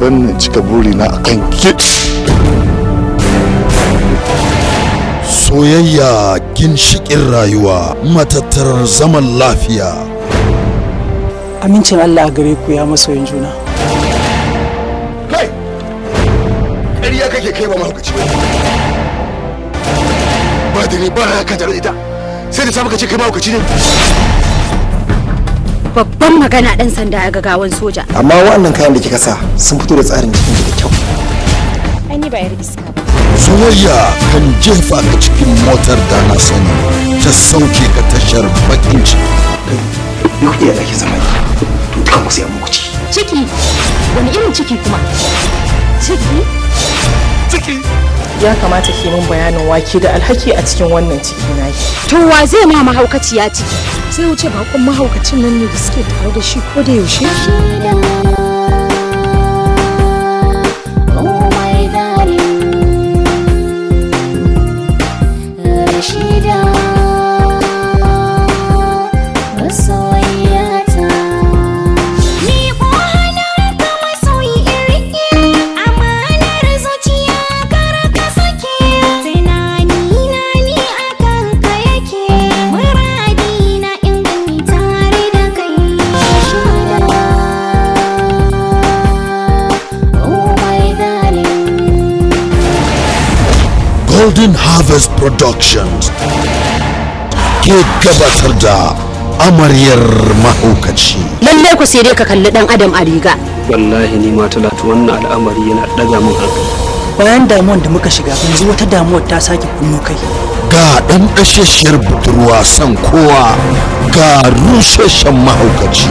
ban na cika burina a kan ki soyayya ginshikin rayuwa matattarar zaman lafiya amincin allah gare ku ya masoyin juna kai ƙarya kake kai ba mahaukaci ba ba da ne ba ka da ita sai da samu ka ce kai mahaukaci ne babban magana dan sanda ya ga gawan soja amma waɗannan kayan da kika sa sun fito da tsarin cikin da kyau Anyi ni ba yar iska ba soyayya kan jefa ka cikin motar da na sani ta sauke ka tashar bakin ciki duk iya zaki zama to ku sai mu ciki ciki wani irin ciki kuma ciki ciki ya kamata ke min bayanin wake da alhaki a cikin wannan ciki naki to wa zai ma ya ciki sai wuce bakon mahaukacin nan ne da suke tare da shi ko da yaushe Golden Harvest Productions ke gabatar da amaryar mahaukaci. Lallai ku sai dai ka kalli dan Adam a riga. Wallahi ni ma talatu wannan al'amari yana daga min hankali. Bayan damuwar da muka shiga yanzu wata damuwar ta sake kunno kai. Ga dan ashashiyar budurwa san kowa ga rusheshen mahaukaci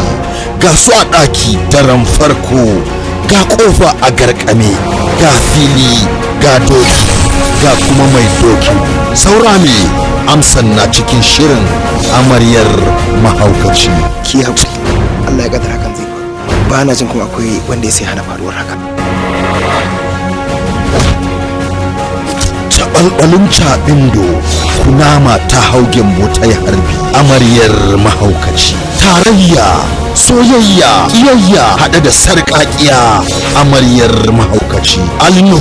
ga su a ɗaki daren farko ga kofa a garkame ga fili ga doki. ga kuma mai doki saura me amsan na cikin shirin amaryar mahaukaci ki haƙuri Allah ya gadara hakan zai ba na jin kuma akwai wanda ya sai hana faruwar haka taɓalɓalin caɓin do kunama ta haugen mota ya harbi amaryar mahaukaci tarayya soyayya Iyayya. haɗe da sarƙaƙiya amaryar mahaukaci alnuhu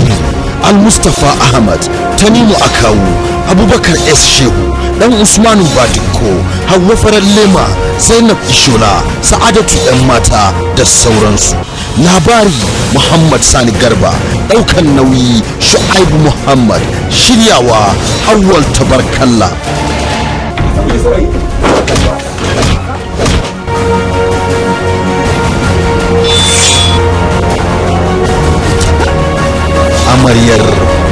al-mustapha ahmad tanimu akawu abubakar s shehu dan usmanu badikko Hauwa farar lema zainab ishola sa'adatu yan mata da sauransu labari muhammad sani garba daukan nauyi shu'aibu muhammad shiryawa hawwal tabarkalla amaryar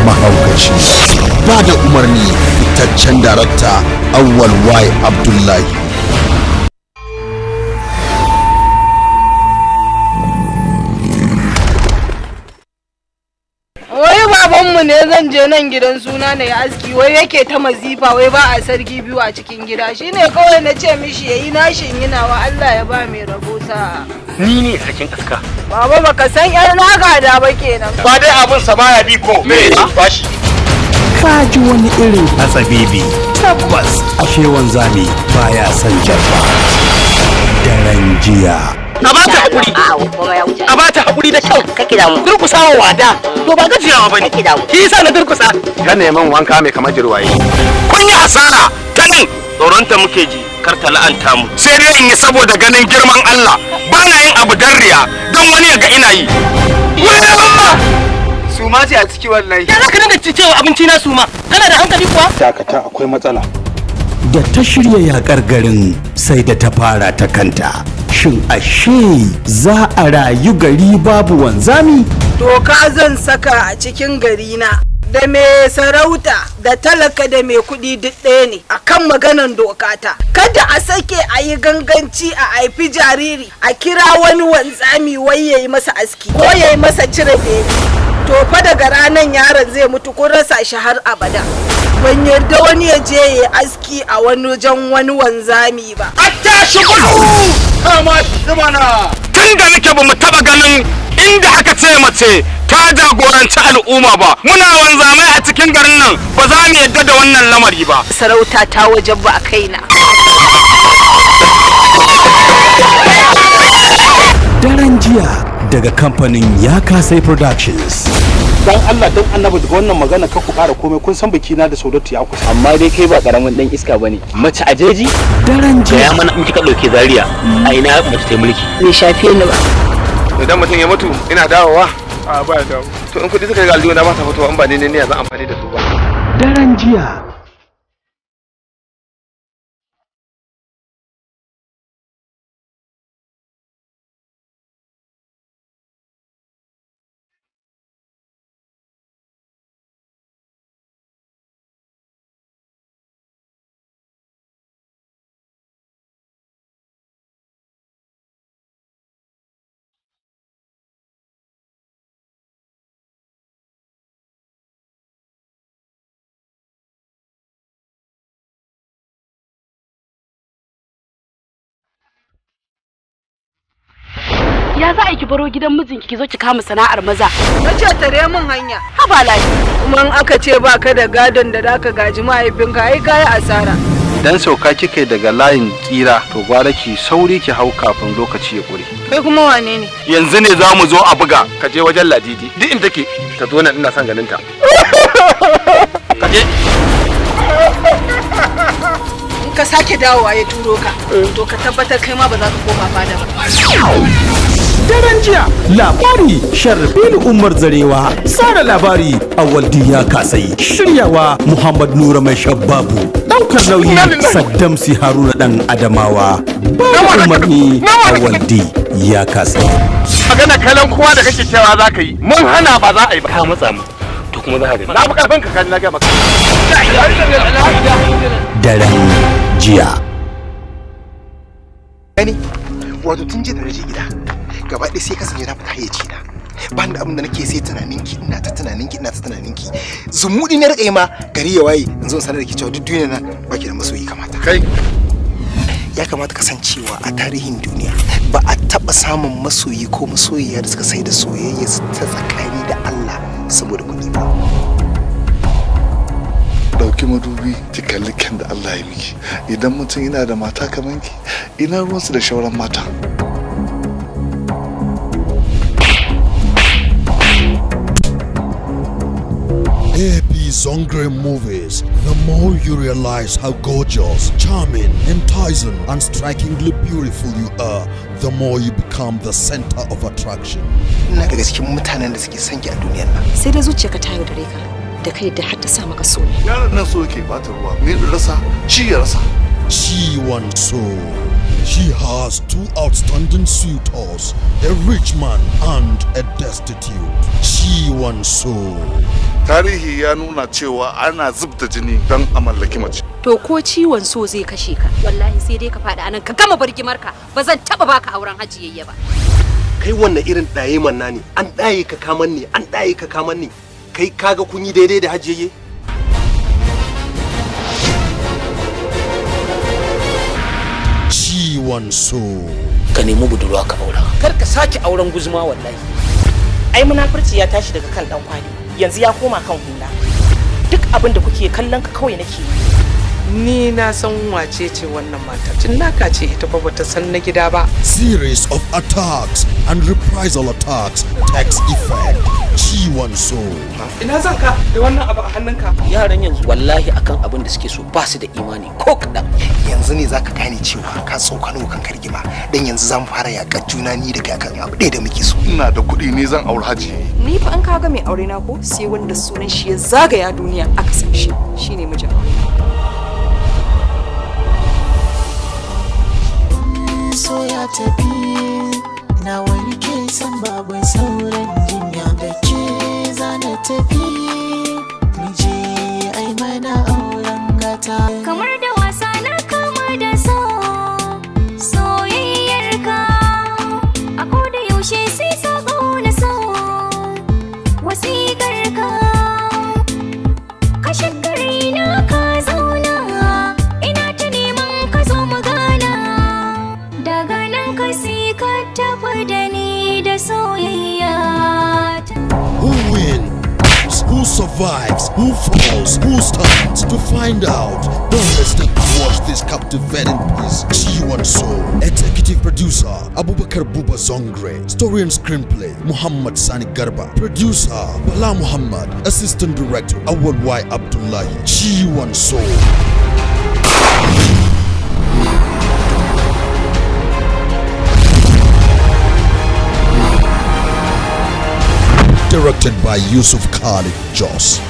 mahaukaci ba da umarni fitaccen darakta awwal y abdullahi babanmu ne zan je nan gidan suna na aski wai yake ta mazifa wai ba a sarki biyu a cikin gida shi ne kawai na ce mishi yayi nashin yinawa Allah ya ba mai rabo sa. ni ne sarkin aska Baba baka san yar naga da ba kenan. Ba dai abin sa baya bi ko. Me ba shi. Ka ji wani irin hatsabibi. Tabbas ashe wanzami baya son jarba. Daren jiya. a ba ta haƙuri a ba ta haƙuri da kyau durkusa wa wada to ba gajiyawa ba ne K'i sa na durkusa ka neman wanka mai kamar jirwaye kun yi hasara ta nan tsoronta muke ji kar ta la'anta mu sai dai in yi saboda ganin girman Allah ba na yin abu dan riya don wani ya ga ina yi suma ce a ciki wallahi ya zaka dinga cewa abinci na suma kana da hankali kuwa dakata akwai matsala da ta shirya yakar garin sai da ta fara ta kanta shin ashe za a rayu gari babu wanzami doka zan saka a cikin gari na da mai sarauta da talaka da mai kuɗi duk ɗaya ne a kan maganan ta. kada a sake a yi ganganci a haifi jariri a kira wani wanzami wai ya yi masa aski ko ya yi masa cire beli to fa daga ranar yaron zai mutu kun rasa shi har abada ban yarda wani ya je ya aski a wani wajen wani wanzami ba a tashi gudu tun da nake ba mu taba ganin inda aka ce mace ta jagoranci al'umma ba muna wanzamai a cikin garin nan ba za mu yadda da wannan lamari ba sarauta ta wajen ba a kaina daren jiya daga kamfanin ya kasai productions dan Allah dan annabi daga wannan magana ka ku kara komai kun san biki na da saudatu ya kusa amma dai kai ba karamin dan iska bane mace a jeji daren jiya ya mana in kika dauke zaria a ina mace ta mulki bai shafi ni ba idan mutum ya mutu ina dawowa a ba dawo to in kudi suka yi aljihu na ba ta fitowa in ba ne ne zan amfani da su ba daren jiya ya za a ki baro gidan mijinki ki zo ki kama sana'ar maza na ce tare mun hanya haba lafi kuma in aka ce ba ka da gadon da zaka gaji mahaifinka ai kai asara dan sauka kike daga layin kira to gwara ki sauri ki hau kafin lokaci ya kure kai kuma wane ne yanzu ne za mu zo a buga ka je wajen ladidi duk in take ta zo nan ina son ganin ta ka je ka sake dawowa ya turo ka to ka tabbatar kai ma ba za ka koma fada ba daren jiya labari sharfil umar zarewa tsara labari waldi ya kasai shiryawa muhammad nura mai shababu daukar nauyi saddam si haruna dan adamawa ba umarni waldi ya kasai magana kalan kowa da kake cewa za ka yi mun hana ba za a yi ba ka matsa mu to kuma za ka gani na fi karfin ka kan na daren jiya gani wato tun ji da gida gaba ɗaya sai ka sanya na fita hayyaci na ban da abin da nake sai tunanin ki ina ta tunanin ki ina ta tunanin ki zumudi na rika ma gari ya waye in zo sanar da ki cewa duk duniya na baki da masoyi kamata kai ya kamata kasancewa a tarihin duniya ba a taba samun masoyi ko masoyiya da suka sai da soyayya ta tsakani da Allah saboda kuɗi ba dauki madubi ki kalli kyan da Allah ya miki idan mutum yana da mata kaman ki ina ruwansu da shauran mata AAP Zongre movies, the more you realize how gorgeous, charming, enticing and strikingly beautiful you are, the more you become the center of attraction. Ina daga cikin mutanen da suke son a duniyar nan. Sai da ta da da maka so rasa, ci ya rasa. Ciwon so. She has two outstanding suitors, a rich man and a destitute. She so. Tarihi ya nuna cewa ana zubta jini don a mallaki mace. To ko ciwon so zai kashe ka, wallahi sai dai ka faɗi anan ka gama bargimarka ba zan taɓa baka auren hajiyayya ba. Kai wannan irin ɗaye manna ne, an ɗaye ka kaman ne, an ɗaye ka kaman ne, kai kaga kun yi daidai da hajiyayye? ciwonsu. ka nemi budurwa ka aura kar ka sake auren guzuma wallahi ai munafurci ya tashi daga kan dan kwani yanzu ya koma kan hula duk abin da kuke kallon ka kawai nake yi ni na san wace ce wannan mata tun naka ce ita ba bata san na gida ba series of attacks and reprisal attacks tax effect ciwon so ina zan ka da wannan abu a hannunka yaran yanzu wallahi akan abin da suke so ba su da imani ko kaɗan yanzu ne zaka gane cewa ka tsokano kan kargima dan yanzu zan fara yakar juna ni da kakan abu ɗaya da muke so ina da kuɗi ne zan aure haji ni fa an kaga mai aure na ko sai wanda sunan shi ya zagaya duniya aka san shi shine mijin so ya tafi na wani san babin sauran jinya bace za na tafi miji ai mana auren gata kamar da to fed in peace, G1 Soul. Executive producer, Abubakar Buba Zongre. Story and screenplay, Muhammad Sani Garba. Producer, Bala Muhammad. Assistant director, Awal Y. Abdullahi. G1 Soul. directed by Yusuf Khalid Joss.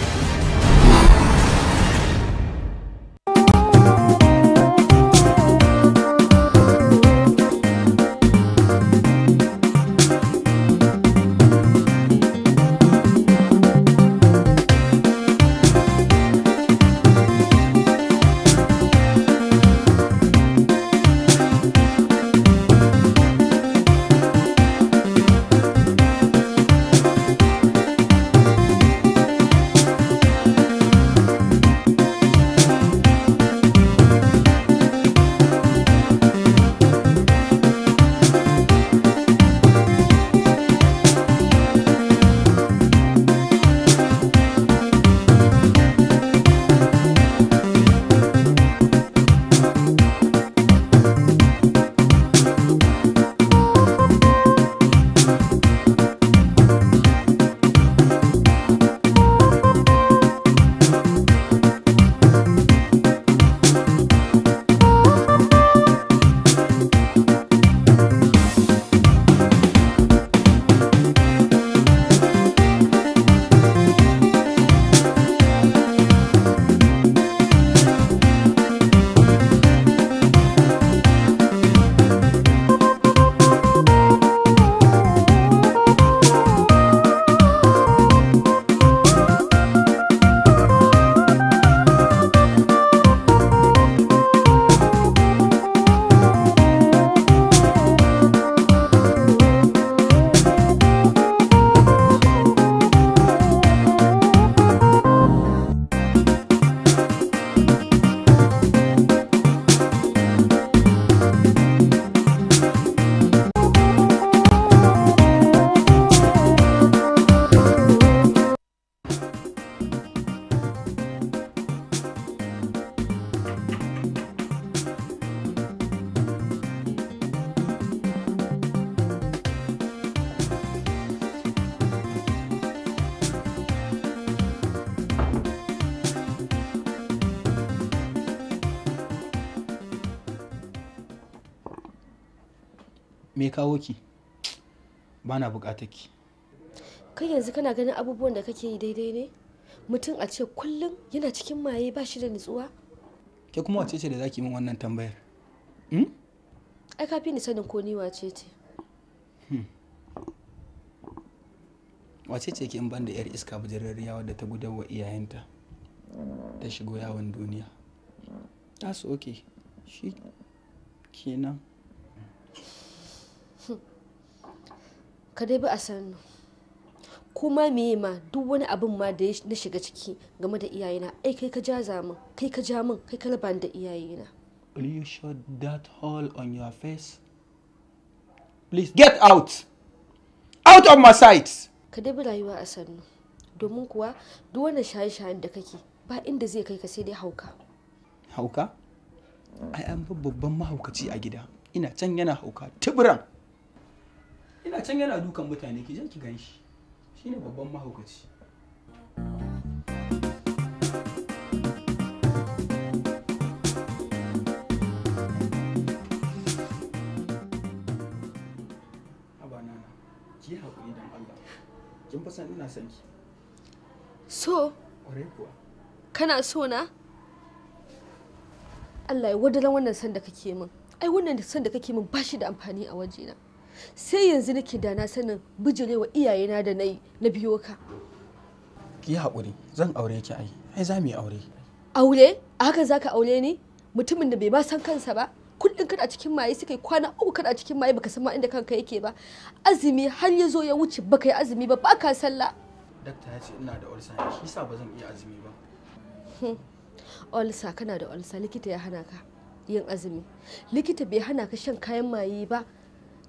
ki ba na bukatar ki kai yanzu kana ganin abubuwan da kake yi daidai ne mutum a ce kullum yana cikin maye ba shi da nutsuwa ke kuma wace ce da zaki min wannan tambayar hmm? ai kafi ni sanin ko ni wace ce hmm. wace ce ke in ban da yar iska bujararriya wadda ta gudarwa iyayenta ta shigo yawon duniya that's oke shi kenan ka dai bi a sannu kuma me ma duk wani abin ma da na shiga ciki game da iyayena ai kai ka jaza min kai ka ja min kai ka raba da iyayena will you show that hole on your face please get out out of my sight ka dai bi rayuwa a sannu domin kuwa duk wani shaye-shayen da kake ba inda zai kai ka sai dai hauka hauka ai an babban mahaukaci a gida ina can yana hauka tuburan ina can yana dukan mutane ki je ki gan shi shine babban mahaukaci san ina ki so kuwa kana so na Allah ya wadalan wannan san da kake min ai wannan san da kake min bashi da amfani a wajena sai yanzu nake da na sanin bijirewa iyayena da na yi na biyo ka ki hakuri haƙuri zan aure ki ai ai za mu yi aure aure a haka za ka aure ni mutumin da bai ba san kansa ba kullum kana cikin maye suka yi kwana uku kana cikin maye baka san ma inda kanka yake ba azumi har ya zo ya wuce baka yi azumi ba baka sallah dakta ya ce ina da ulsa shi yasa ba zan iya azumi ba hmm. ulsa kana da ulsa likita ya hana ka yin azumi likita bai hana ka shan kayan maye ba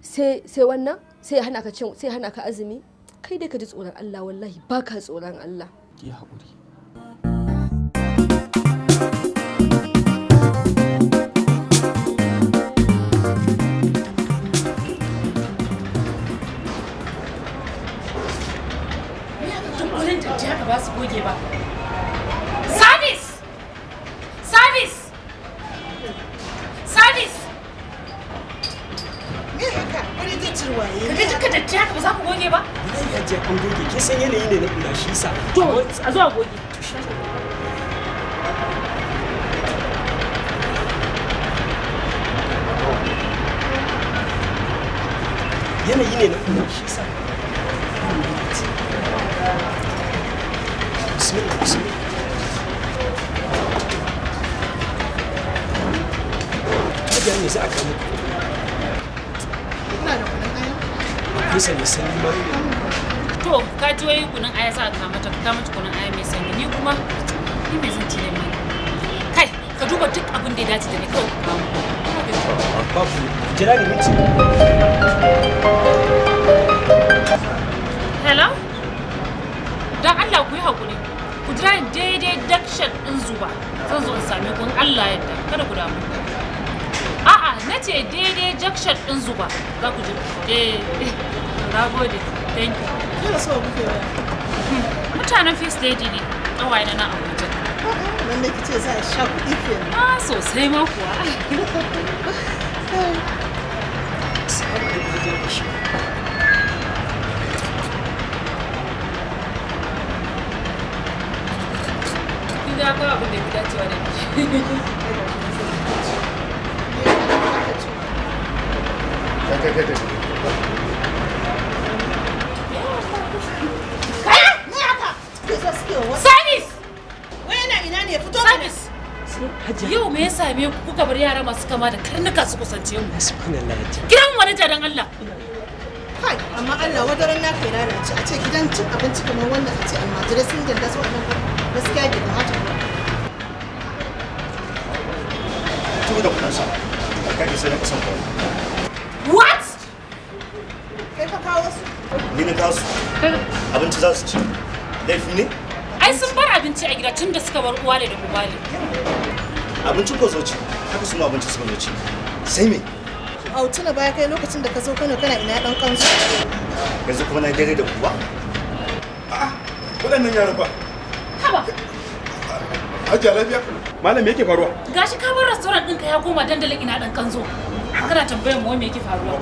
sai wannan sai hana ka cin sai hana ka azumi kai dai ka ji tsoron Allah wallahi baka tsoron Allah ya hakuri ba su goge ba kiwaye ka ga duka ba za ku goge ba ba zan yi an goge kin san yanayi ne na kula shi sa. to a zo a goge yanayi ne na kula shi sa. bismillah bismillah aka ko sanyi sanyi ma to ka ji wai kunun aya za ka mata ka mata kunun aya mai sanyi ni kuma ni mai zanci ne kai ka duba duk abin da ya dace da ni kawai ka babu jira ni miji hello dan Allah ku yi hakuri ku jira daidai dakshan din zuwa zan zo in same ku in Allah ya kada ku damu na ce daidai jakshat ɗin zuba za ku ji eh na gode thank you yana so ku ke ba mutanen face lady ne kawai na nan abuja nan da kice za a sha kuɗi ke ah sosai ma kuwa Gida kawai Yau me ya same ku kuka bar yara masu kama da karnuka su kusance mu? Subhanallah. Kiran wani jaran Allah. Kai, amma Allah wadaran na kai lalace a ce gidan cin abinci kamar wannan a ce almajirai sun danda su wannan gaskiya bai kamata ba. Tuba da kuɗin a kai sai na kusan kwanu. Mini kasu abinci za su ci laifi ne ai sun bar abinci a gida tun da suka bar uwa da uba ne abincin ko zoci haka su ma abinci suka zoci sai me au tuna baya kai lokacin da ka zo Kano kana ina dan kansu yanzu kuma na dare da ku ba a'a waɗannan yaran ba haba Hajiya lafiya malam me yake faruwa gashi ka bar restaurant ɗinka ya koma dandalin ina dan kanzo kana tambayar mu me yake faruwa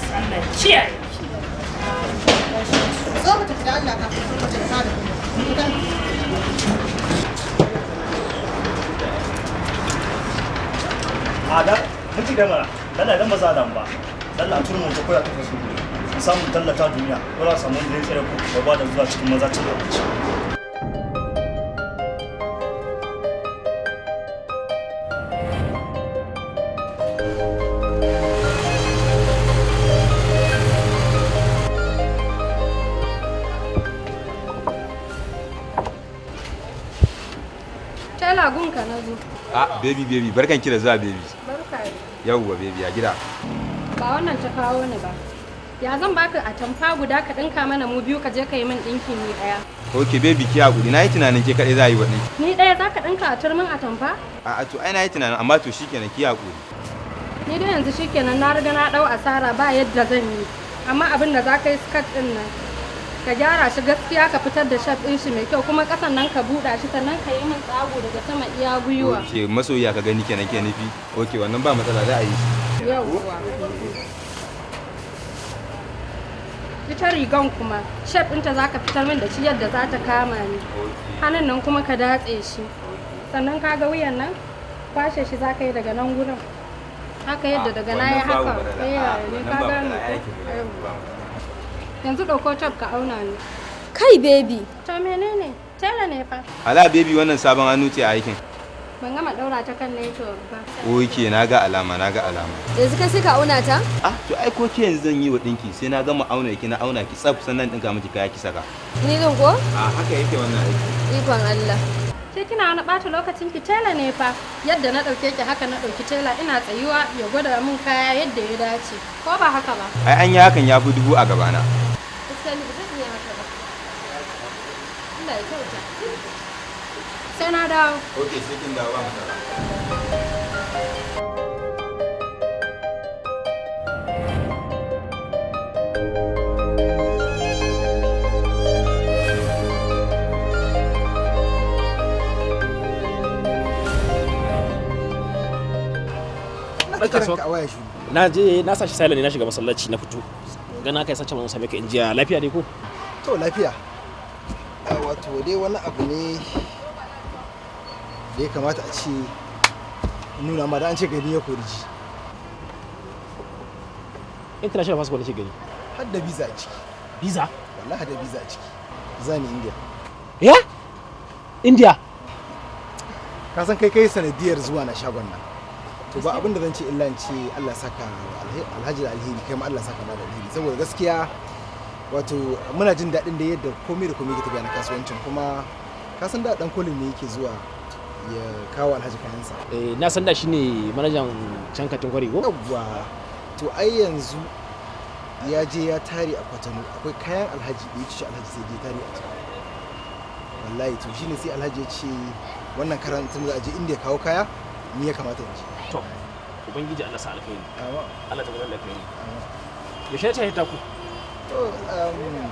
Allah da gama, maza dan ba. Dalla a koya ta kasu. Samun tallata duniya, ko za samu da ya tsere ku, ba da zuwa cikin maza cikin lokaci. a ah, baby baby barkan ki da za, baby barka yawwa baby a gida ba wannan ta kawo ni ba ya zan baka a tamfa guda ka dinka mana mu biyu ka je ka yi min dinkin ni daya ok baby ki hakuri na yi tunanin ke kaɗai za yi waɗin ni daya za ka dinka a turmin a tamfa a to ai na yi tunanin amma to shikenan ki hakuri ni dai yanzu shikenan na riga na dau asara ba yadda zan yi amma abin da za ka yi skirt din nan ka gyara shi gaskiya ka fitar da shaf din shi mai kyau kuma ƙasan nan ka buɗa shi sannan ka yi min tsago daga sama iya gwiwa ok masoyiya ka gani kenan ke nufi ok wannan ba matsala za a yi shi yawwa ita rigan kuma shaf ɗinta za ka fitar min da shi yadda za ta kama ni hannun nan kuma ka datse shi sannan ka ga wuyan nan kwashe shi za ka yi daga nan gurin haka yadda ah, daga na ya haka eh, ah, ne ka gane yanzu ɗauko tab ka auna ni kai baby to menene tela ne fa ala baby wannan sabon hannu ce a aikin ban gama daura ta kan to ba oke na ga alama na ga alama yanzu ka sai ka auna ta ah to ai ko ke yanzu zan yi wa dinki sai na gama auna ki na auna ki tsaf sannan dinka miki kaya ki saka ni din ko a haka yake wannan aiki ikon Allah ke kina wani bata lokacin ki tela ne fa yadda na dauke ki haka na dauki tela ina tsayuwa ya gwada min kaya yadda ya dace ko ba haka ba ai an yi hakan ya fi dubu a gabana sani ba zan iya mata ba Allah ya kyauta sai na dawo ok sai kin dawo ba Na je na sashi silent ne na shiga masallaci na fito gana kai sace mun same ka injiya lafiya dai ko to lafiya ah, wato dai wani abu ne da ya kamata a ce nuna ma da an ce gari ya koriji international passport ce gari har da visa a ciki visa wallahi da visa a ciki zan india ya india ka san kai kai sanadiyar zuwa na shagon nan to ba abin da zan ce illa ce Allah saka alhaji alheri kai ma Allah saka ma da alheri saboda gaskiya wato muna jin daɗin da yadda komai da komai ke tafiya na kasuwancin kuma ka san da dan kolin ne yake zuwa ya kawo alhaji kayansa eh na san da shine manajan can katin kwari ko to ai yanzu ya je ya tare a kwatano akwai kayan alhaji da ya ci alhaji sai je tare a wallahi to shine sai alhaji ya ce wannan karantun tun za a je inda ya kawo kaya ni ya kamata in je to ubangiji Allah sa alkhairi Allah ta da alkhairi ta hita ku um,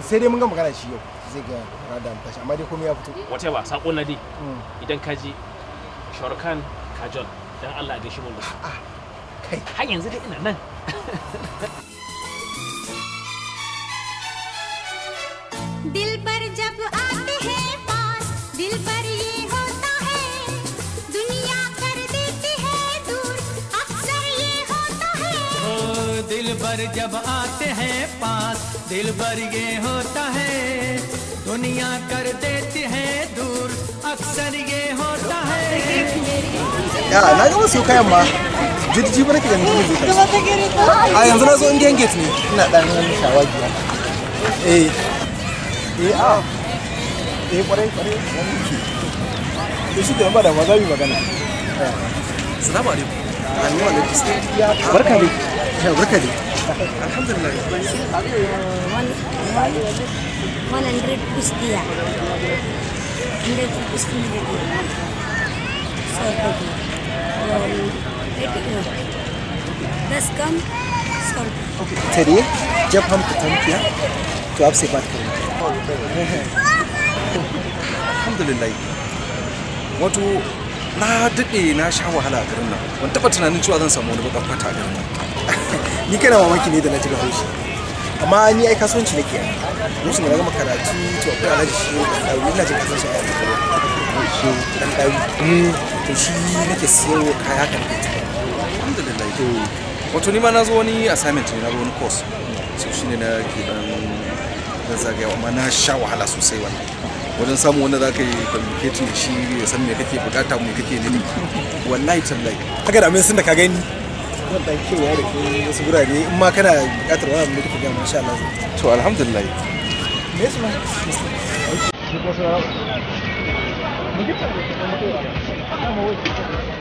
sai dai mun ga magana shi yau zai ga rada tashi amma dai komai ya fito wata ba na dai hmm. idan ka je shorkan kajol dan Allah ga shi mun kai har yanzu dai ina nan दिल भर जब आते हैं पास दिल भर ये होता है दुनिया कर देती है दूर अक्सर ये होता है 야, 나 이거 쓰고 가야 마. 주디 집으로 끼는 거. 아, 연습하고 온 게겠지. 나 다른 거 샤워기. 에이. 에이 아. 에이 버려 버려. 이시 대마 다 와가지 magana. Assalamu alaikum. Alaikum assalam. Barka dai. Barka dai. Alhamdulillah. One, one, one hundred rupees na daɗe na sha wahala a garin nan. Ban taɓa cewa zan samu wani baƙar fata a ni kana mamaki ne da na ji shi. amma ni ai kasuwanci nake yi musu da na gama karatu to akwai alhaji shi da dauri ina jin kasuwanci a yanzu dan dauri to shi nake siyarwa kaya kan kai alhamdulillah wato ni ma na zo wani assignment ne na zo wani course so ne na ke dan zagaya amma na sha wahala sosai wani wajen samun wanda za ka yi communicating da shi ya san me kake bukata me kake nemi wallahi tallahi haka da mun sun da ka gani zan kewa da ke wasu gurare in ma kana buƙatar wani abu da kake gama insha Allah to alhamdulillah me su ma Thank you.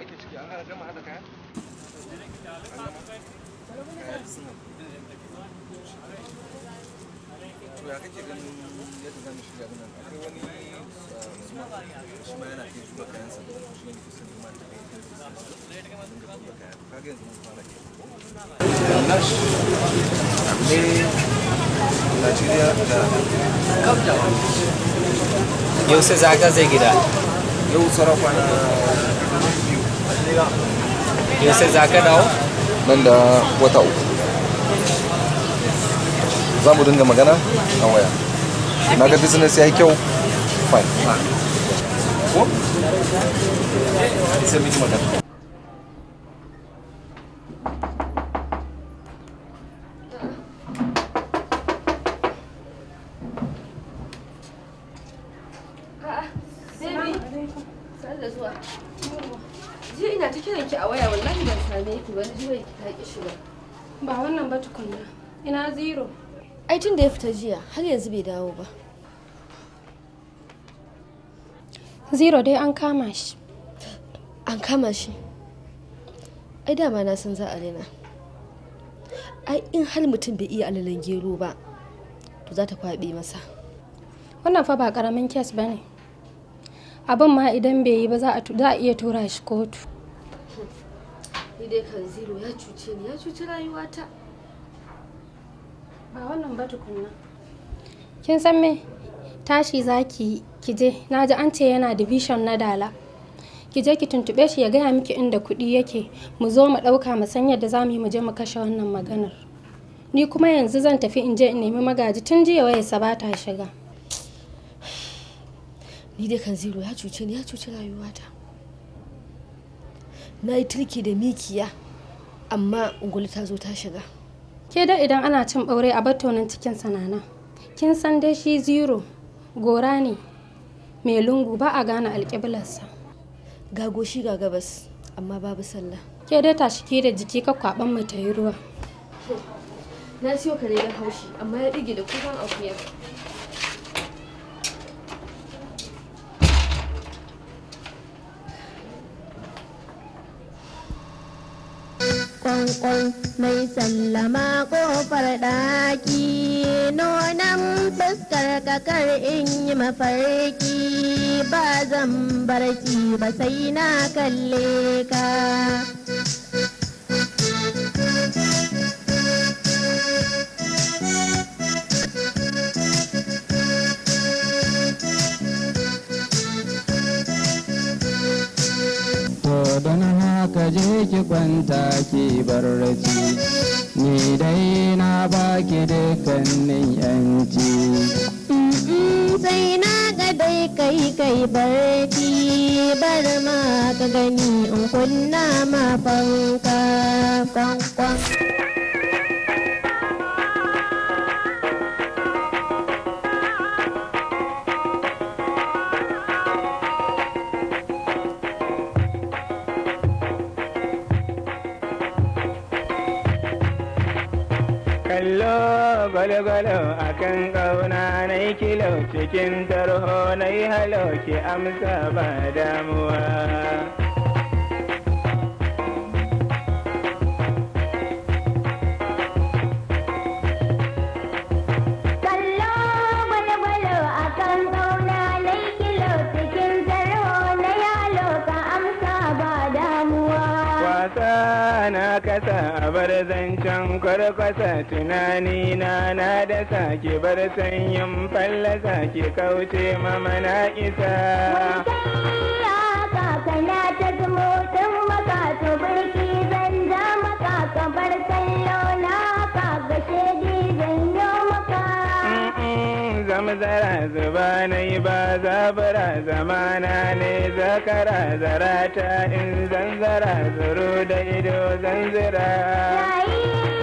আইতে চিকে আনারা জামা আদা কায়া জেনে কি জালে পাছে বে চলবনি করে আকে চিকে যেন যে জানে চিগা কেনে আকে ওয়ানি সুমাইয়া সুমাইয়া কি সুবকান সে চিগা নিসে মানতে লেটকে মত করা লাগে আকে সুমাইয়া বলা কি ও মন না গায় লাশ নে লাচিয়া দা কাপ দাও ইউসে জাগা জেকিরা ইউ সরপানা yau sai za ka dawo nan da wata uku za mu dinga magana a waya na ga business ya yi kyau fine ko sai mun yi magana har yanzu bai dawo ba zero dai an kama shi an kama shi ai dama na san za a rena ai in har mutum bai iya alalan gero ba to za ta kwaɓe masa wannan fa ba karamin kes ba ne abin ma idan bai yi ba za a iya tura shi kotu ni dai kan zero ya cuce ni ya cuci rayuwata ba wannan ba tukunna kin san me tashi za ki je na ji an ce yana division na dala ki je ki tuntube shi ya gaya miki inda kuɗi yake mu zo mu ɗauka mu san yadda za mu yi mu je mu kashe wannan maganar ni kuma yanzu zan tafi in je in nemi magaji tun jiya wayarsa ba ta shiga ni dai kan zero ya cuce ni ya cuce rayuwata na yi turki da mikiya amma ungulu ta zo ta shiga ke da idan ana cin ɓaure a battonin cikin sanana kin san dai shi zero gora ne mai lungu ba a gane alƙiblarsa ga goshi ga gabas amma babu sallah ke dai tashi ke da jiki ka kwaban mu ta yi ruwa na siyo ne da haushi amma ya ɗige da kukan akuya kan ƙwai mai sallama ƙofar ɗaki nonan fuskar kakar in yi mafarki ba zan barci ba sai na kalle ka don haka je ki kwanta ki barraci ni dai na baki dukkanin yanci sai na ga dai kai kai barci bar ma ka gani in kunna ma fanka kwankwan gwalgwalo a kan ƙauna na yi kilo cikin tarho na yi haloki, ki amsa ba damuwa. farfasa tunanina na dasa da sake bar sanyin fallasa ke kauce mama na isa kana ta zumo maka to birki zan ja maka ka bar na ka ga shedi zan yo zuba na ba zabara zamana ne zakara zarata in zanzara zara zuru da ido zan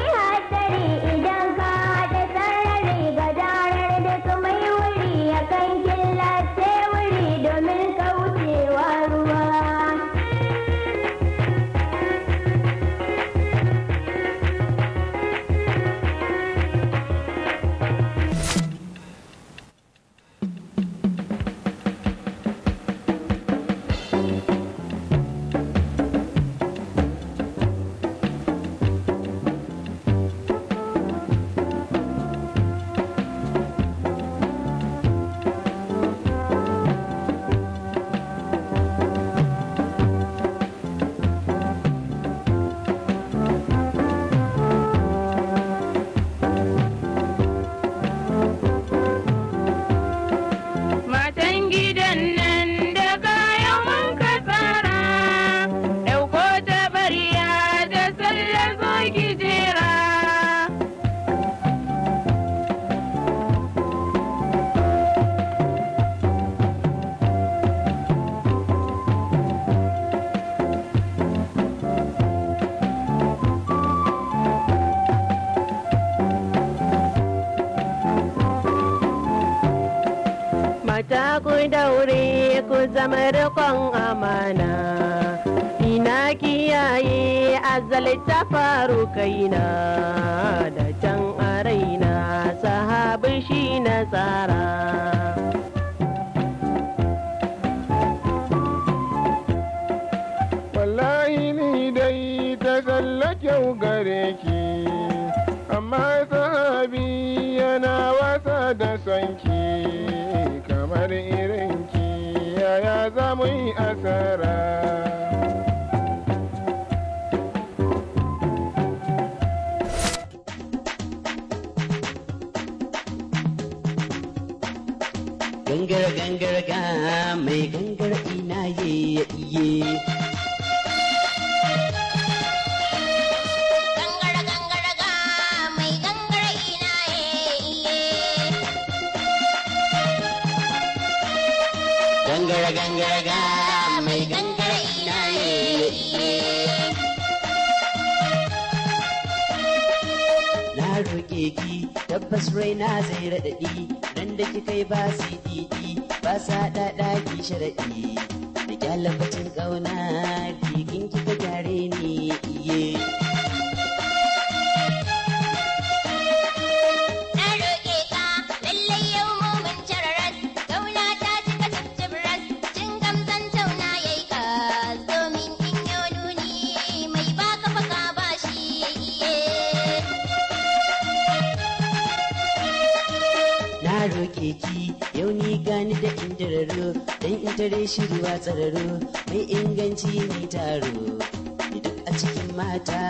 mai amana ina kiyaye azalita faru kaina gangara gangara ga mai gangara ina ye iye mai gangara ina ne na roƙe ki tabbas raina zai raɗaɗi nan da ki kai ba cdd ba sa ɗaɗa ki sharaɗi da kyalabacin ƙauna ki kin kika gyare ni iye tattare shi ruwa tsararo mai inganci mai taro idan a cikin mata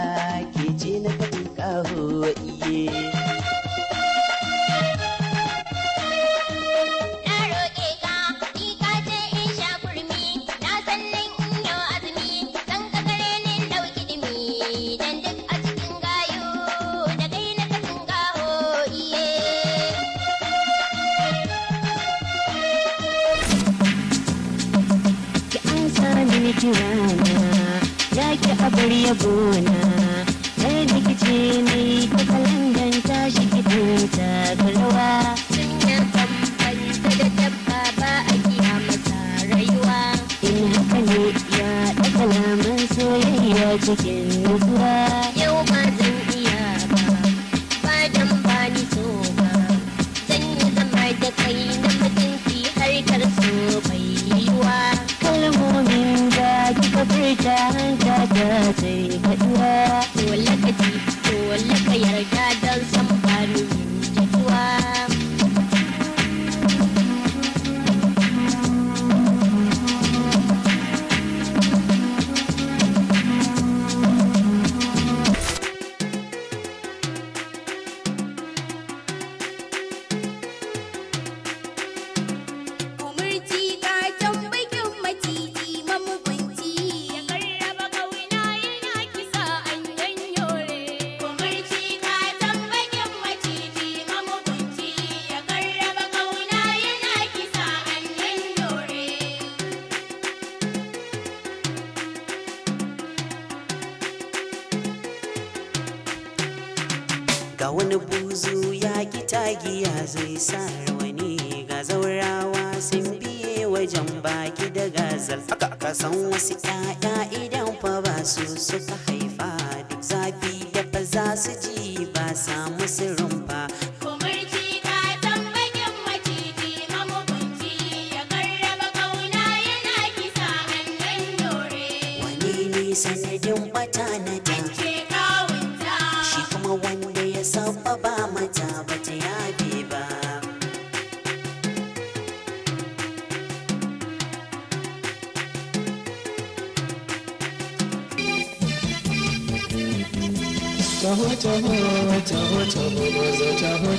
ke ce na katin kaho iye.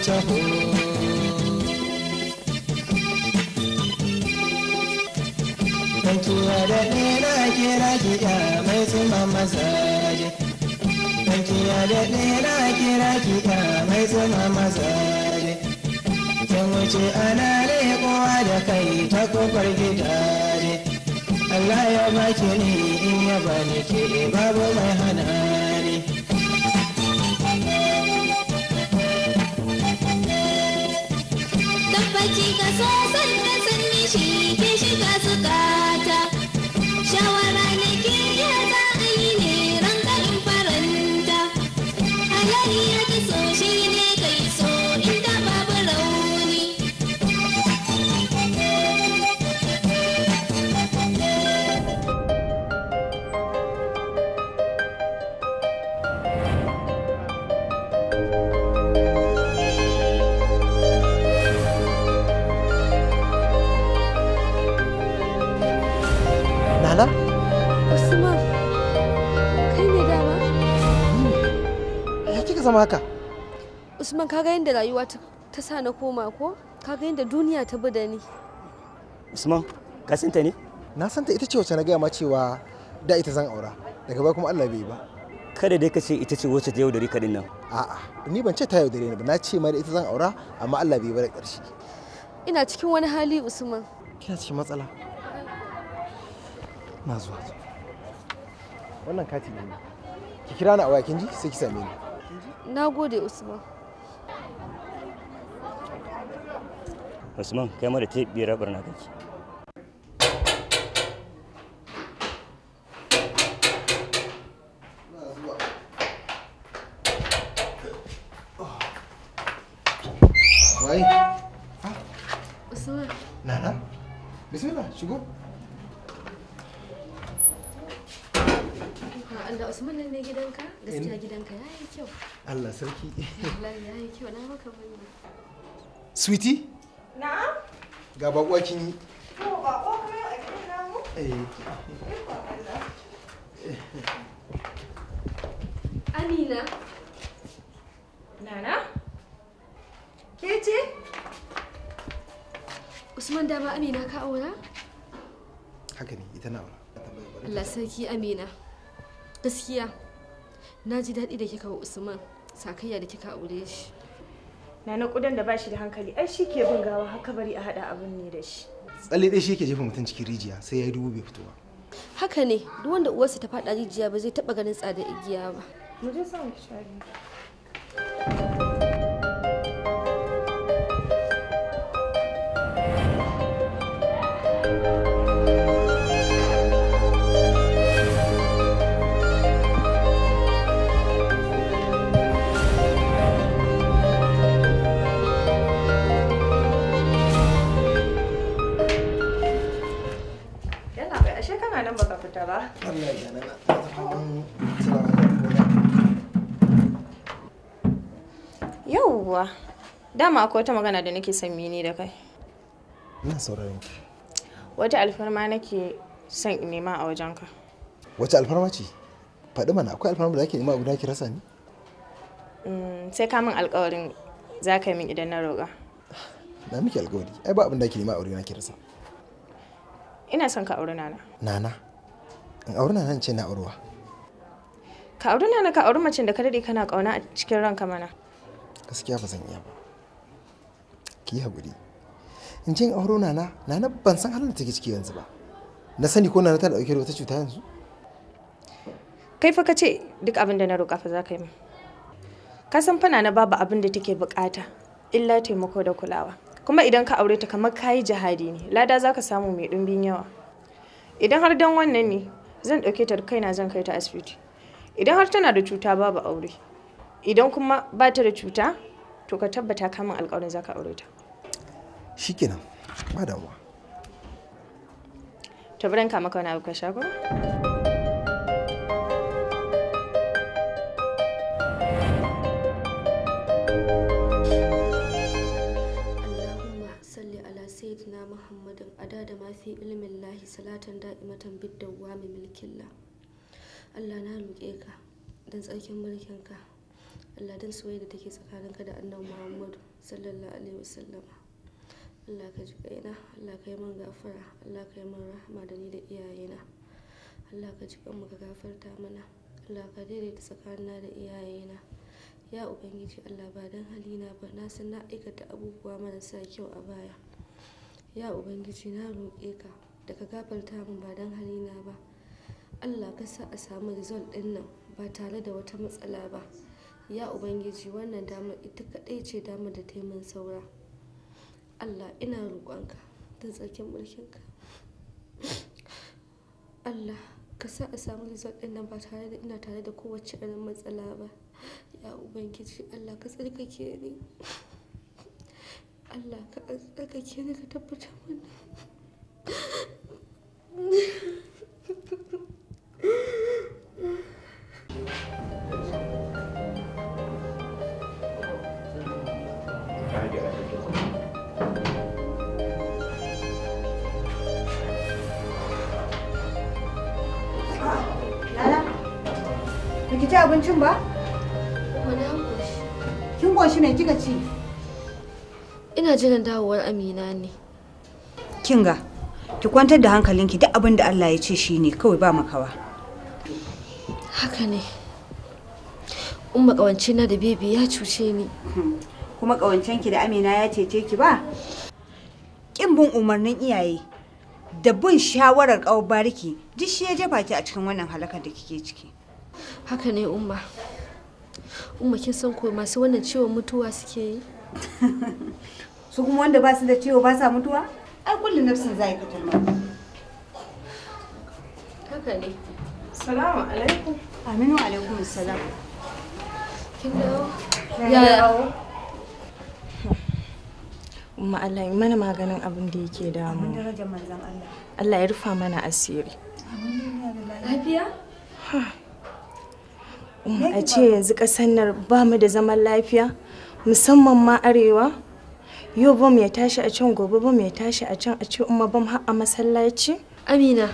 taho a da ɗina kira kiɗa mai tsima mazaje Bankiwa da ɗina Can wuce ana da kai ta kofar gidaje Allah ya baki ni in ya ni ke babu mai hana shiga so sannan sanni shi ke shiga suka zama haka usman kaga yadda rayuwa ta sa na koma ko kaga yadda duniya ta bi da ni usman ka ta ne na san ta ita ce wacce na gaya ma cewa da ita zan aura daga baya kuma allah bai ba kada dai ka ce ita ce wacce ta yaudare ka din nan a'a ni ban ce ta yaudare ni ba na ce ma da ita zan aura amma allah bai ba da ƙarshe ina cikin wani hali usman kina cikin matsala na zuwa wannan kati ne ki kira ni a waya kin ji sai ki same ni na gode usman usman kai mara ta biyar barna kake Wai? Ah? Usman. Nana? Bismillah, shigo. Allah Usman nan ne sarki. na maka Sweetie? Na'am. Ga kin yi. kuma a gidan eh. Amina. Nana? Ke ce? Usman dama Amina ka aura? Haka ne, ita na aura. Allah sarki Amina. gaskiya na ji daɗi da kika wa usman sakayya da kika aure shi na na kudan da bashi da hankali ai shi ke bin gawa haka bari a haɗa abin ne da shi tsalle dai shi ke jefa mutum cikin rijiya sai ya dubu bai fito haka ne duk wanda uwarsa ta faɗa rijiya ba zai taɓa ganin tsada igiya ba mu je samu ki Yauwa, dama akwai wata magana da nake son mini da kai. Ina sauraron ki. Wata alfarma nake son in nema a wajenka. Wace alfarma ce? Faɗi mana akwai alfarma da ake nema a guda ki rasa ni? Mm, sai ka min alƙawarin za ka yi min idan na roƙa. Na miki alƙawari, ai ba abin da ake nema a wurina ki rasa. Ina son ka aure nana. Nana? in auri na nan ce na auruwa ka auri na ka auri macen da ka dade kana kauna a cikin ranka mana gaskiya ba zan iya ba ki haƙuri in ce in auro na na na ban san halin da take ciki yanzu ba na sani ko na ta dauke da wata cuta yanzu kai fa ka ce duk abin da na roƙa fa za ka yi min ka san fana na babu abin da take bukata illa taimako da kulawa kuma idan ka aure ta kamar kayi jihadi ne lada za ka samu mai ɗumbin yawa idan har dan wannan ne zan ɗauke ta kaina zan kai ta asibiti idan har tana da cuta babu aure idan kuma ba ta da cuta to ka tabbata kamun alƙawarin za ka aure ta shikenan ba damuwa ta buranka maka wani abu ka sha kuma. muhammadin ada da mafi ilimin lahi salatan daɗi, da'imatan biddawa mai la. allah na roƙe ka don tsarkin mulkinka allah don soyayya da take ka da annabi muhammadu sallallahu alaihi wasallam allah ka ji kaina allah ka yi man gafara allah ka yi man rahama da ni da iyayena allah ka ji kanmu ka gafarta mana allah ka daidaita tsakanina da iyayena ya ubangiji allah ba don halina ba na san na aikata abubuwa marasa kyau a baya ya ubangiji na roƙe ka da ka gafarta min ba don halina ba allah ka sa a samu result ɗin nan ba tare da wata matsala ba ya ubangiji wannan damar ita kaɗai ce damar da ta min saura allah ina roƙonka don tsarkin mulkinka allah ka sa a samu result ɗin nan ba tare da ina tare da kowace irin matsala ba ya ubangiji allah ka tsarkake ni Allah ka tsarkake ni ka tabbatar mana Biki ci abincin ba? Kin goshi me kika ci? ina jinin dawowar amina ne kinga ki kwantar da hankalinki duk abin da allah ya ce shi ne kawai ba makawa haka ne umma kawance na da bebi ya cuce ni hmm. kuma ƙawancenki da amina ya cece ki ba kin bin umarnin iyaye da bin shawarar kawar bariki duk shi ya jefa ki a cikin wannan halakar da kike ciki haka ne umma umma kin san ko masu wannan ciwon mutuwa suke yi su kuma wanda ba su da ciwo ba sa mutuwa ai kullum nafsin za ka tarma mata haka ne salamu alaikum aminu alaikum salam kin dawo ya dawo umma Allah yi mana maganin abin da yake damu Allah ya rufa mana asiri lafiya a ce yanzu ƙasar nan ba mu da zaman lafiya musamman ma arewa yau bam ya tashi a can gobe bam ya tashi a can a ce umma bam har a masallaci amina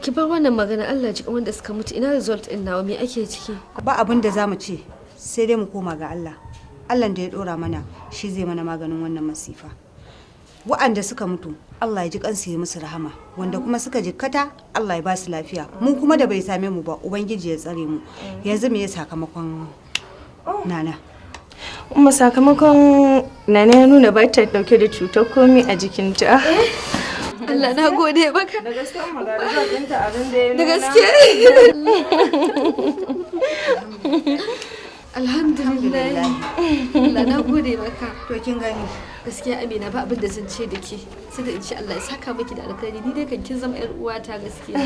ki bar wannan magana Allah ji wanda suka mutu ina result din nawa me ake ciki ba abin da zamu ce sai dai mu koma ga Allah Allah da ya dora mana shi zai mana maganin wannan masifa wa'anda suka mutu Allah ya ji kansu yi musu rahama wanda kuma suka jikkata Allah ya ba su lafiya mu kuma da bai same mu ba ubangiji ya tsare mu yanzu me ya sakamakon nana Umma sakamakon na ya nuna ba ta dauke da cutar komai a jikinta. Ah. Allah na gode baka. Da gaske amma ga rajinta abin da ya Da gaske. Alhamdulillah. Allah na gode baka. To kin gani. gaskiya amina ba abin da zan ce da ke sai da in ce Allah ya saka miki da alkhairi ni dai kan kin zama yar uwa ta gaskiya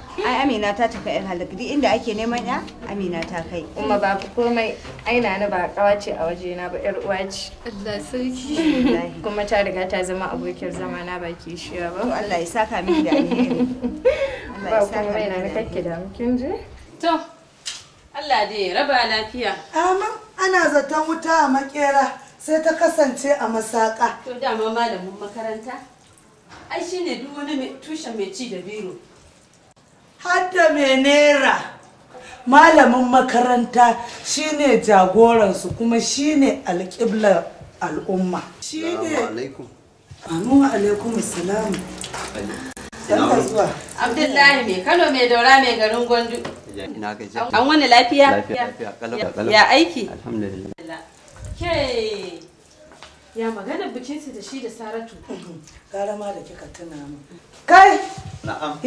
ai amina ta tafi yar halak duk inda ake neman ya amina ta kai kuma ba komai ai na ba kawa ce a waje na ba yar uwa ce Allah sarki kuma ta riga ta zama abokiyar zama na ba kishiya ba to Allah ya saka miki da alheri ba ya saka miki da alheri da kin ji to Allah dai raba lafiya amma ana zaton wuta a makera sai ta kasance a masaka to dama malamin makaranta ai shine duk wani tushen mai ci da biro hadda mai nera. malamin makaranta shine jagoransu kuma shine alƙiblar al'umma shine Anu alaikum salam. zuwa. Abdullahi mai Kano mai Daura mai garin Gwandu. An wani lafiya? Lafiya. Ya aiki? Alhamdulillah. Ke ya magana bikinsa da shi da Saratu. Gara ma da kika tuna mu. Kai! Na'am.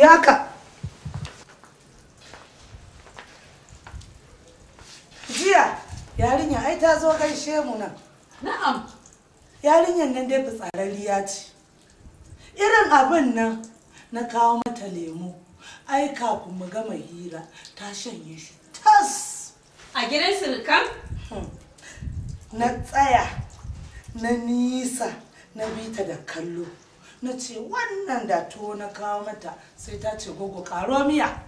Jiya yarinya ai ta zo kai mu nan. Na'am. nan dai fitsararriya ce. Irin abin nan na kawo mata lemu. Ai kafin mu gama hira ta shanye shi tas. A gidan sirikan? Hmm. na tsaya na nisa na bita da kallo na ce wannan da tuwo na kawo mata sai ta ce gogo karo miya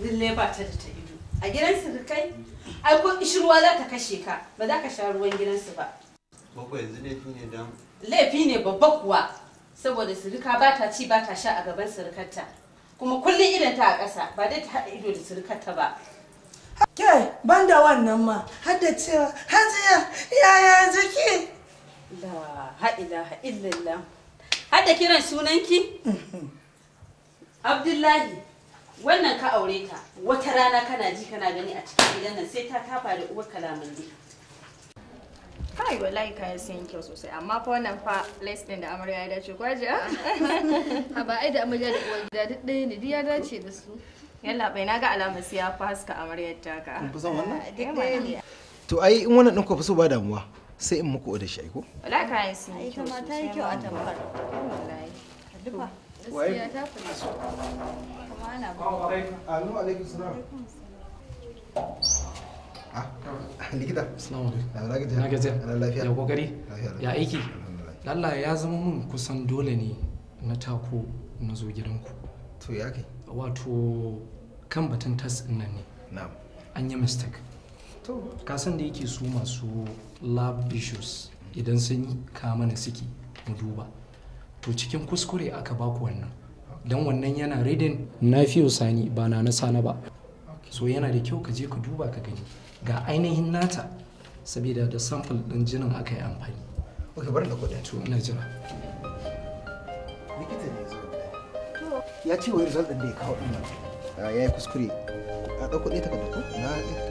lalle ba ta da ta ido a gidansu kai ai ko ishirwa za ta kashe ka ba za ka sha ruwan gidansu ba babba yanzu laifi ne dan laifi ne babba kuwa saboda sirika ba ta ci ba ta sha a gaban sirikarta kuma kullum idan ta a ƙasa ba dai ta haɗa ido da sirikarta ba Ke ban da wannan ma har da cewa hajiya yaya jiki. La ha'ilaha illallah. Har da kiran sunanki? Mhm. Abdullahi. Wannan ka aure ta wata rana kana ji kana gani a cikin gidan nan sai ta kafa da uwar kalamanni. Kai wallahi kayan sun kyau sosai amma fa wannan fa lace din da amarya ya dace gwaje. Haba ai da amarya da uwar gida duk ɗaya ne duk ya dace da su. yalla bai na ga alamar siya fa haska amaryar taka kun fi wannan to ai in wannan din ku fa so ba damuwa sai in muku odar shi ai ko wallahi ka yi kyau ai ta yi kyau a tambar wallahi dufa gaskiya ta fi so kuma ana ba alaikum alaikum salam ah, likita assalamu alaikum na lafiya ya kokari ya aiki Allah ya zama mun kusan dole ne na tako na zo gidanku to ya kai wato kan batun tas ɗin nan ne an yi mistake to kasan da yake su masu lab issues idan sun kama na suke mu duba to cikin kuskure aka ba ku wannan don wannan yana reading na fi sani ba na na sana ba so yana da kyau ka je ka duba ka gani ga ainihin nata saboda da sample ɗin jinin aka yi amfani ok bari da to jira likita ne ya ce wa result din da ya kawo din nan ah, ya yi kuskure a ɗauko ɗaya takarda ko na ɗaya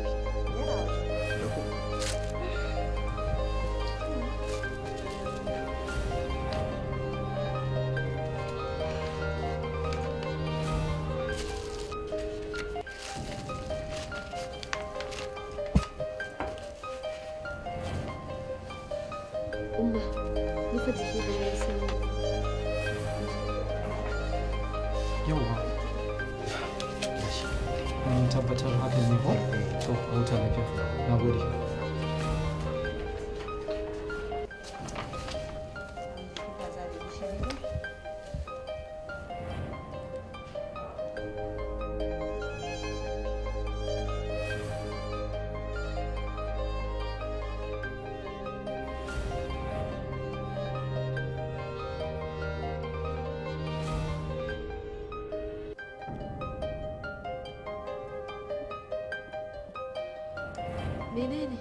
menene?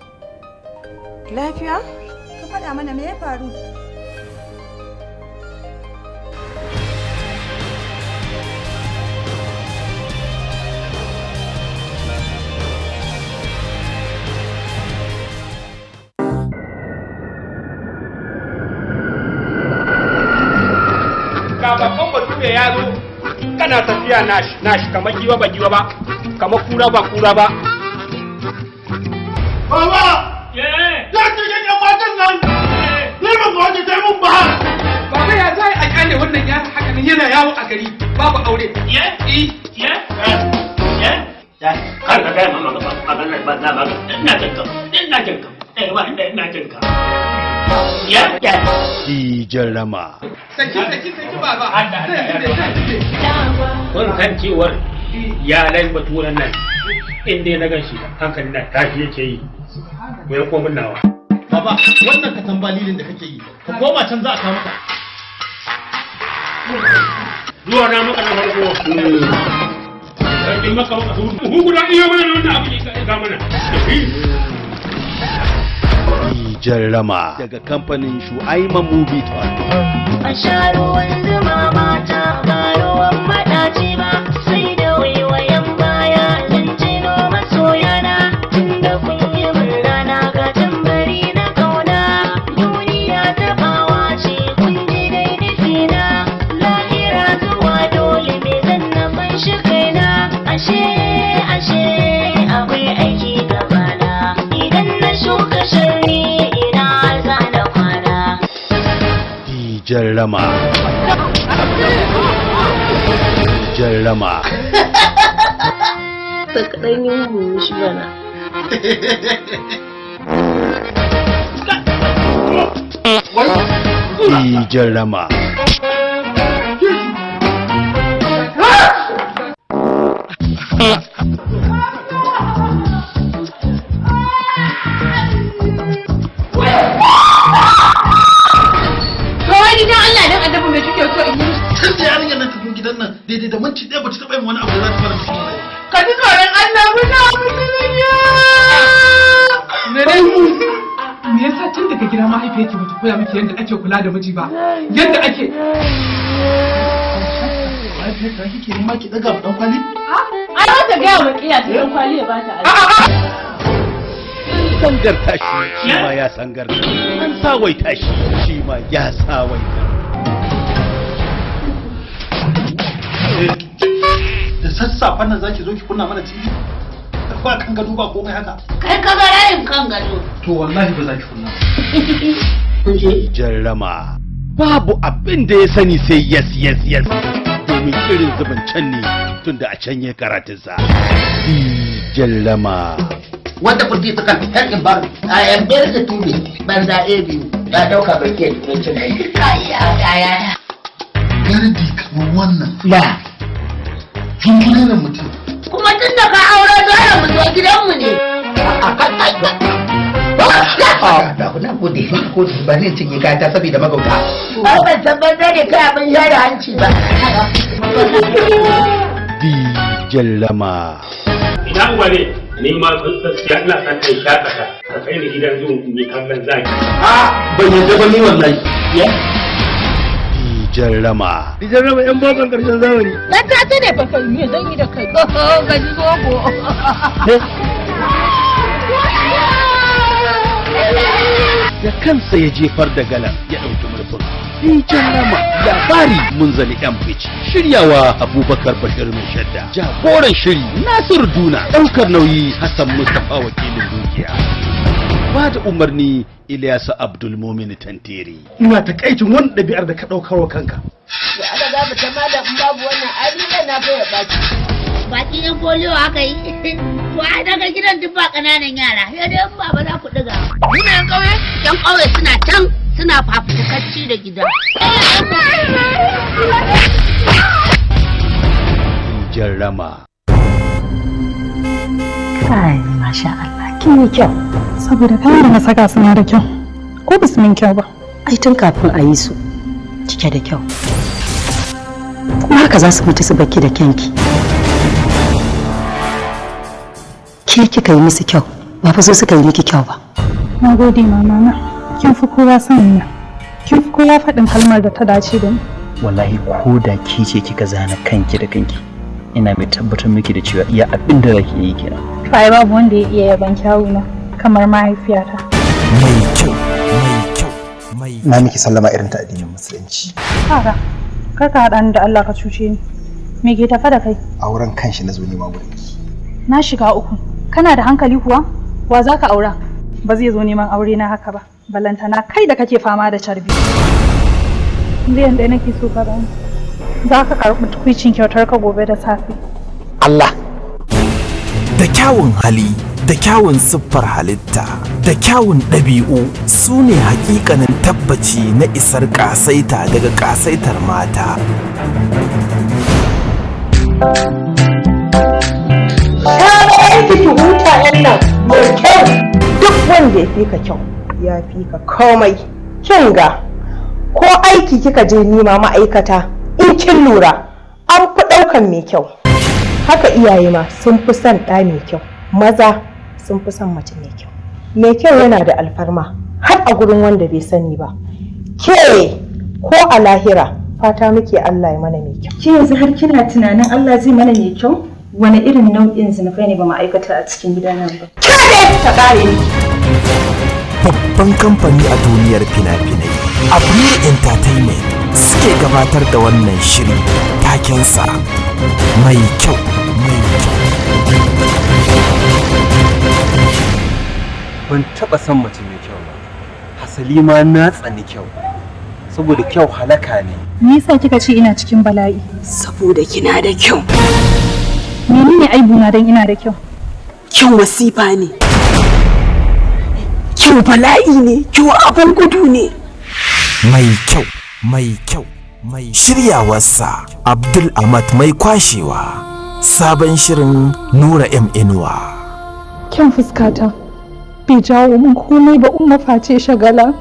Lafiya? Ka faɗa mana me ya faru? ya zo kana tafiya nashi nashi kamar giwa ba giwa ba kamar kura ba kura ba jan rama. Kun san cewar ya iyalai baturan nan inda na gan shi hankali na tashi yake yi mai komin nawa. Baba wannan ka tambalilin da kake yi ka koma can za a kawo ka. Zuwa na maka na farko. Hmm. Sarkin maka maka su hukuna iya mana wannan abu ne ga mana. jarrama daga kamfanin shu'aiman movie a sha ruwan mama mata ba ruwan madaci jarrama jarrama ta kaɗan bana jarrama ake kula da miji ba yadda ake lafiya ta kike nema kwali a ai wata ga yawa kiya kwali ya bata a'a sangar tashi shi ma ya sangar an sawai tashi shi ma ya sawai da sassafe nan zaki zo ki kunna mana TV ba kan gado ba komai haka kai ka ga rayin kan gado to wallahi ba za ki kunna jarrama babu abin da ya sani sai yes yes yes domin irin can ne tun da a can ya karatunsa jarrama wanda kurti su kan helping bar a yan biyar da tube banza a biyu ya dauka birke da tuncin da ya kaya gardi kamar wannan ba tunkule da mutum kuma tun da ka aure dole mu zo gidanmu ne a kan na gode na ko ba zan cinye kaya ta saboda magauta ai ban san ban zai kai abin sha da hanci ba dijan lama ina ware ni ma tsantsiya ina san ta sha tsaka ka kai ni gidan zuwa ni kallon zaki a ban yadda ba ni wallahi Dijan Rama. Dijan ‘yan bokan ƙarshen zamani. Dan ta ta ne fa me zan yi da kai. Ka ji zogo. da kansa ya jefar da gala ya ɗauki murfin Dijan Rama labari mun zali yan bici shiryawa Abubakar Bashir mai shadda jagoran shiri Nasir Duna ɗaukar nauyi Hassan Mustapha wakilin dukiya ba da umarni Ilyasu Abdul Mumin Tantiri ina takaicin wani ɗabi'ar da ka ɗaukar wa kanka ya aka gaba ta malam babu wannan abin na fa baki baki na polio aka yi Wa daga gidan duk ba ƙananan yara, ya dai in baba za ku ɗiga. Muna yan ƙauye? Yan ƙauye suna can suna fafutukacci da gida. Jarrama. Kai, masha Allah, kin yi kyau. Saboda kayan da na saka suna da kyau, ko ba su min kyau ba. Ai tun kafin a yi su, cike da kyau. Kuma haka za su mutu su baki da kyanki. ke kika yi musu kyau ba fa so suka yi miki kyau ba na gode mama na kin fi kowa son ni kin fi kowa faɗin kalmar da ta dace da ni wallahi ko da ki ce kika zana kanki da kanki ina mai tabbatar miki da cewa iya abin da kake yi kenan fa babu wanda ya iya yaban na kamar mahaifiyata mai kyau mai kyau mai na miki sallama irin ta addinin musulunci kaka kar ka haɗa da Allah ka cuce ni me ke tafa da kai a wurin kanshi na zo nema gurin na shiga uku kana da hankali kuwa wa za ka aura ba zai zo neman aure na haka ba balantana kai da kake fama da carbi zai da nake so ka bani za ka karɓi tukwicin kyautar ka gobe da safe Allah da kyawun hali da kyawun siffar halitta da kyawun ɗabi'u su ne hakikanin tabbaci na isar ƙasaita daga ƙasaitar mata. aiki ki huta yan mai kyau duk wanda ya fi kyau ya fi ka komai kin ga ko aiki kika je nima ma'aikata in kin lura an fi ɗaukan mai kyau haka iyaye ma sun fi son ɗa mai kyau maza sun fi son mace mai kyau mai kyau yana da alfarma har a gurin wanda bai sani ba ke ko a lahira fata muke Allah ya mana mai kyau. Ki yanzu har kina tunanin Allah zai mana mai kyau? wani irin nau'in zinafai ne ba ma'aikata a cikin gidanar ba. Kare ta kare ni. Babban kamfani a duniyar fina-finai, Abnir Entertainment suke gabatar da wannan shiri takensa mai kyau mai kyau. Ban taɓa son mace mai kyau ba, hasali ma na tsani kyau, saboda kyau halaka ne. Me yasa kika ce ina cikin bala'i? Saboda kina da kyau. aibu na dan ina da kyau kyau wasifa ne kyau bala'i ne kyau abin gudu ne mai kyau mai kyau mai shiryawarsa abdul ahmad mai kwashewa sabon shirin nura m inuwa kyan fuskata bai jawo min komai ba umma face shagala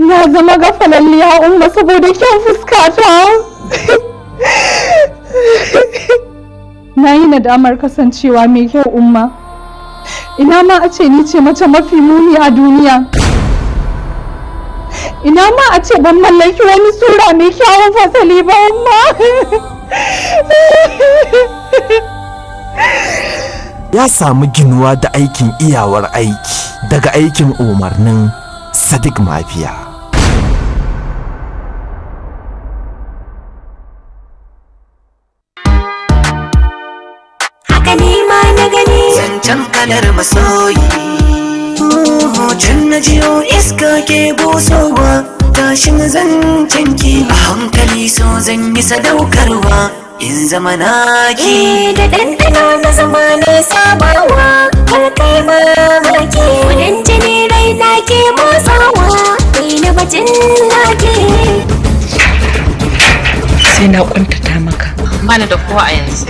na zama gafalalliya umma saboda kyan fuskata na yi nadamar kasancewa mai kyau umma ina ma a ce ni ce mace mafi muni a duniya ina ma a ce ban mallaki wani sura mai kyawun fasali ba umma ya samu ginuwa da aikin iyawar aiki daga aikin umarnin sadik mafiya can masoyi can na jiyo iska ke busowa tashin zancen ki a hankali so zan yi sadaukarwa in zama na naki eh, da ɗanɗano na zama ne sabawa kar kai mamaki wurin jini rai na ke motsawa ni na bacin naki sai na kwantata maka bani da kowa a yanzu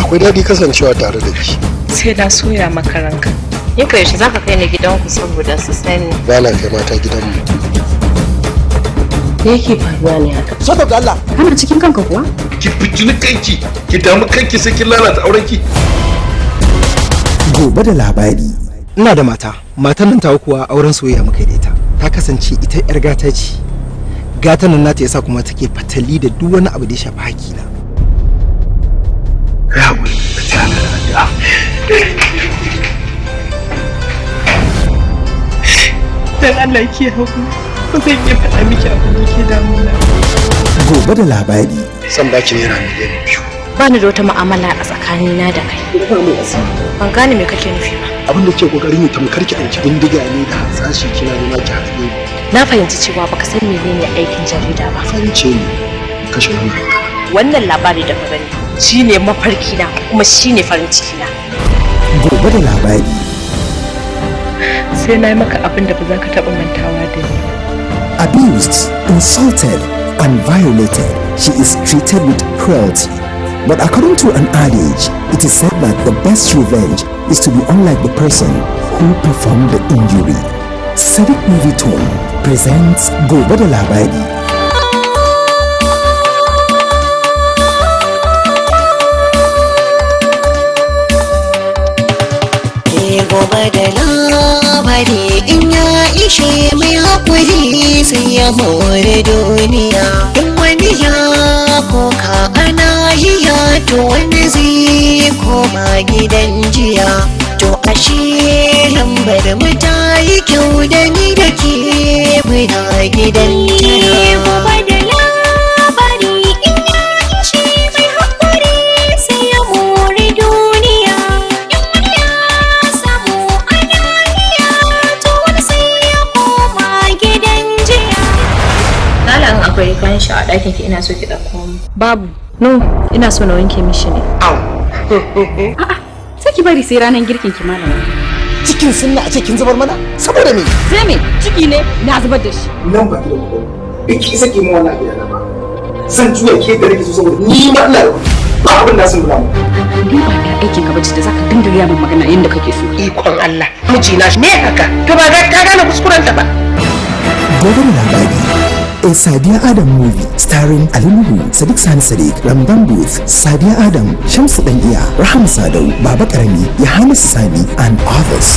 akwai daɗi kasancewa tare da ki sai na soya maka ranka ni ko yaushe zaka kai ni gidanku saboda su sani ba na kai mata gidanmu me yake faruwa ne haka saboda Allah kana cikin kanka kuwa ki fitini kanki ki damu kanki sai ki lalata aurenki gobe da labari ina da mata matan nan tawa kuwa auren soyayya muka da ita ta kasance ita yar gata ce gatan nan nata yasa kuma take fatali da duk wani abu da ya shafi hakina ya wani Dan Allah ke haku, ba zan iya faɗa miki abin da ke damuna. Gobe da labari. San baki naira miliyan biyu. Ba ni da wata mu'amala a tsakanina da kai. Ban gane me kake nufi ba. Abin da ke kokarin yi tamkar ki ɗauki bindiga ne da hatsashi kina nuna ki hatsi. Na fahimci cewa baka san menene aikin jarida ba. Fahimce ni kashe wannan. Wannan labari da ka gani shine mafarkina kuma shine farin ciki na. gaba da labari sai na yi maka abin da ba za ka taɓa mantawa da ni abused insulted and violated she is treated with cruelty but according to an adage it is said that the best revenge is to be unlike the person who performed the injury Sadiq Movie Tone presents Gobe da Labari gobe da labari in ya ishe mai hakuri sai ya more duniya in wani ya koka ana hiya to wani zai koma gidan jiya to ashe lambar mu ta yi kyau da ni da ke muna gidan jiya shi a ɗakin ki ina so ki ɗauko mu. Babu. No, ina so na wanke mishi ne. Au. A'a, sai ki bari sai ranar girkin ki malama. Cikin sunna a ce kin zubar mana? Saboda me? Sai me? Ciki ne na zubar da shi. Nan ba ki da kokari. ki sake mu wannan abin da ba. san juya ke gare ki saboda ni ma Allah ba abin da sun gura mu. Ni aikin ka bace da zaka dinga min magana yadda kake so. Ikon Allah. Mijina ne haka. To ba ka gane ta ba. Gobe labari. a Sadiya Adam movie starring Ali Nuhu, Sadiq Sani Sadiq, Ramdan Booth, Sadiya Adam, Shamsu Daniya, Raham Sadau, Baba Karami, Yohannes Sani and others.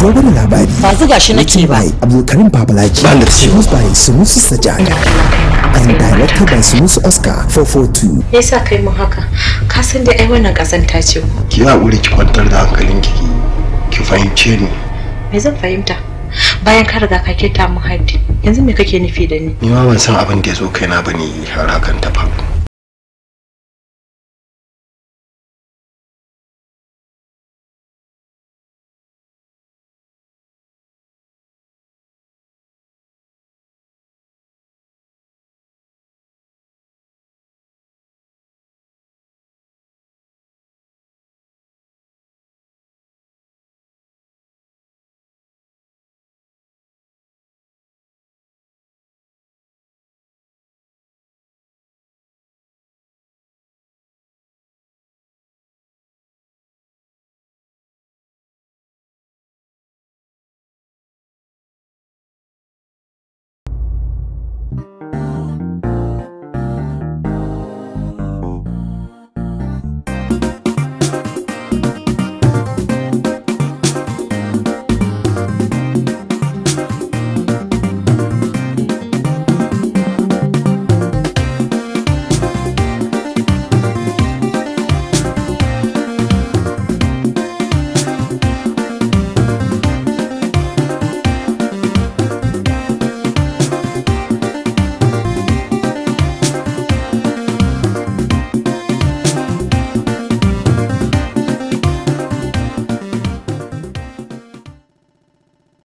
Gobe da labari. Ba zuga shi nake ba. Abdulkarim Babalaji. Ba da shi. by Sumusu Sajada. and directed by Sumusu Oscar 442. Me yasa kai mun haka? Ka san da ai wannan kasanta ce ko? Ki haƙuri ki kwantar da hankalinki. Ki fahimce ni. Me zan fahimta? bayan ka riga ka keta mu hadi yanzu me kake nufi da ni ni ma ban san abin da ya zo kaina bane har hakan ta faru